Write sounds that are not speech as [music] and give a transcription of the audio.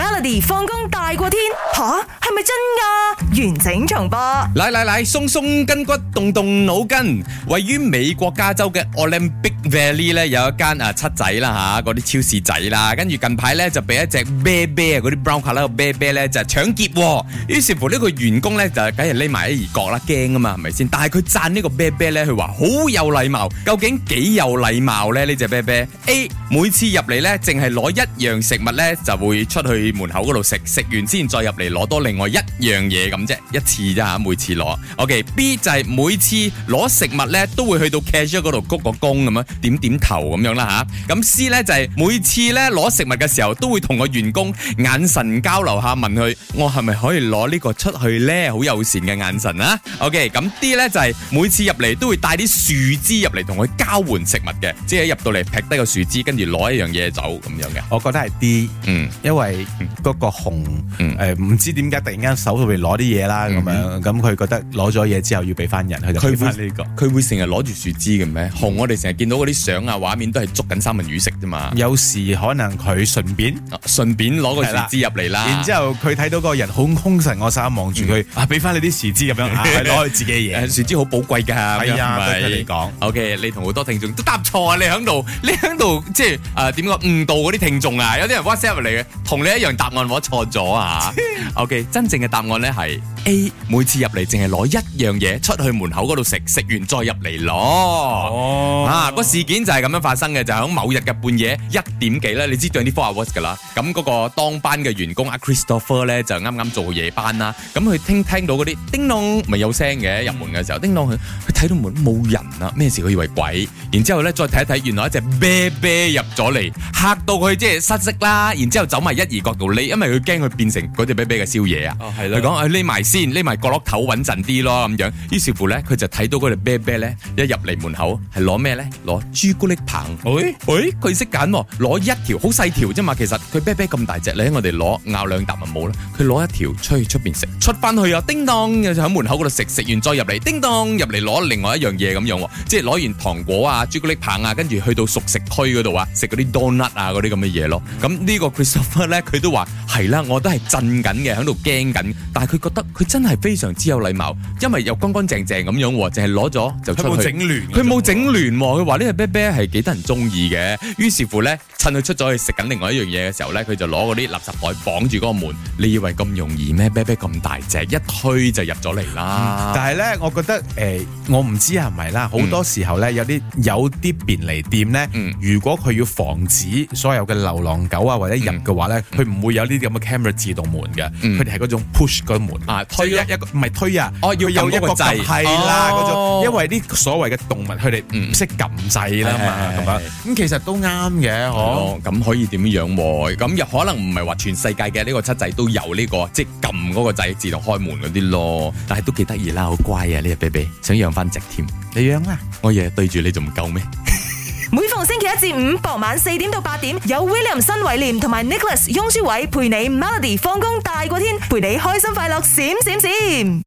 Melody 放工大過天吓，係咪真㗎？完整重播。嚟嚟嚟，鬆鬆筋骨，動動腦筋。位於美國加州嘅 Olympic Valley 咧，有一間啊七仔啦吓，嗰、啊、啲超市仔啦。跟、啊、住近排咧就俾一隻啤啤，嗰啲 Brown 卡喺度啤啤咧，就係搶劫。於是乎呢個員工咧就梗係匿埋喺二角啦，驚啊嘛，係咪先？但係佢讚呢個啤啤咧，佢話好有禮貌。究竟幾有禮貌咧？呢隻啤啤，a 每次入嚟咧，淨係攞一樣食物咧，就會出去。去門口嗰度食，食完先再入嚟攞多另外一樣嘢咁啫，一次啫吓、啊，每次攞。OK，B、okay, 就係每次攞食物呢都會去到 cashier 嗰度鞠個躬咁啊，點點頭咁樣啦吓。咁、啊啊、C 呢就係每次呢攞食物嘅時候，都會同個員工眼神交流下，問佢我係咪可以攞呢個出去呢？好友善嘅眼神啊。OK，咁 D 呢就係每次入嚟都會帶啲樹枝入嚟同佢交換食物嘅，即係入到嚟劈低個樹枝，跟住攞一樣嘢走咁樣嘅。我覺得係 D，嗯，因為。嗰個熊誒，唔知點解突然間手入邊攞啲嘢啦，咁樣咁佢覺得攞咗嘢之後要俾翻人，佢就攰翻呢個。佢會成日攞住樹枝嘅咩？熊我哋成日見到嗰啲相啊，畫面都係捉緊三文魚食啫嘛。有時可能佢順便順便攞個樹枝入嚟啦。然之後佢睇到嗰個人好凶神惡煞望住佢，啊，俾翻你啲樹枝咁樣，攞佢自己嘢。樹枝好寶貴噶，係啊，你講。OK，你同好多聽眾都答錯啊！你響度，你響度即係誒，點講誤導嗰啲聽眾啊？有啲人 WhatsApp 嚟嘅，同你。一樣答案我錯咗啊 [laughs] ！OK，真正嘅答案咧係 A，每次入嚟淨係攞一樣嘢出去門口嗰度食，食完再入嚟攞。哦、啊，嗰個事件就係咁樣發生嘅，就響某日嘅半夜一點幾咧，你知道啲 four hours 噶啦。咁嗰個當班嘅員工阿 Christopher 咧就啱啱做夜班啦。咁佢聽聽到嗰啲叮當咪有聲嘅入門嘅時候，叮當佢佢睇到門冇人啊，咩事佢以為鬼。然之後咧再睇一睇，原來一隻啤啤入咗嚟，嚇到佢即係失色啦。然之後走埋一角度，匿，因為佢驚佢變成嗰隻啤啤嘅宵夜、哦、啊！佢講：誒匿埋先，匿埋角落頭穩陣啲咯，咁樣。於是乎咧，佢就睇到嗰隻啤啤咧一入嚟門口係攞咩咧？攞朱古力棒。誒誒、哎，佢識揀喎，攞、啊、一條好細條啫嘛。其實佢啤啤咁大隻咧，我哋攞咬兩啖咪冇啦。佢攞一條出去出邊食，出翻去呀叮當，又就喺門口嗰度食，食完再入嚟叮當，入嚟攞另外一樣嘢咁樣、啊。即係攞完糖果啊、朱古力棒啊，跟住去到熟食區嗰度啊，食嗰啲 donut 啊嗰啲咁嘅嘢咯。咁呢個 Christopher 咧。佢都話係啦，我都係震緊嘅，喺度驚緊。但係佢覺得佢真係非常之有禮貌，因為又乾乾淨淨咁樣，淨係攞咗就出去。佢冇整亂，佢話呢隻啤啤係幾得人中意嘅。於是乎咧，趁佢出咗去食緊另外一樣嘢嘅時候咧，佢就攞嗰啲垃圾袋綁住嗰個門。你以為咁容易咩？啤啤咁大隻，一推就入咗嚟啦。但係咧，我覺得誒、呃，我唔知係唔係啦。好多時候咧，有啲有啲便利店咧，如果佢要防止所有嘅流浪狗啊或者人嘅話咧，嗯嗯嗯嗯唔會有呢啲咁嘅 camera 自動門嘅，佢哋係嗰種 push 嗰門啊，推一一個唔係推啊，哦要有一個掣，係啦嗰種、哦、因為啲所謂嘅動物佢哋唔識撳掣啦嘛，咁唉樣咁其實都啱嘅，嗬、哦，咁、哦、可以點樣喎、啊？咁又可能唔係話全世界嘅呢個七仔都有呢、呢個，即係撳嗰個掣自動開門嗰啲咯，但係都幾得意啦，好乖啊呢隻 baby，想養翻隻添，你養啊，我日日對住你仲唔夠咩？星期一至五傍晚四點到八點，有 William 新偉廉同埋 Nicholas 翁舒偉陪你 Melody 放工大過天，陪你開心快樂閃閃閃。閃閃閃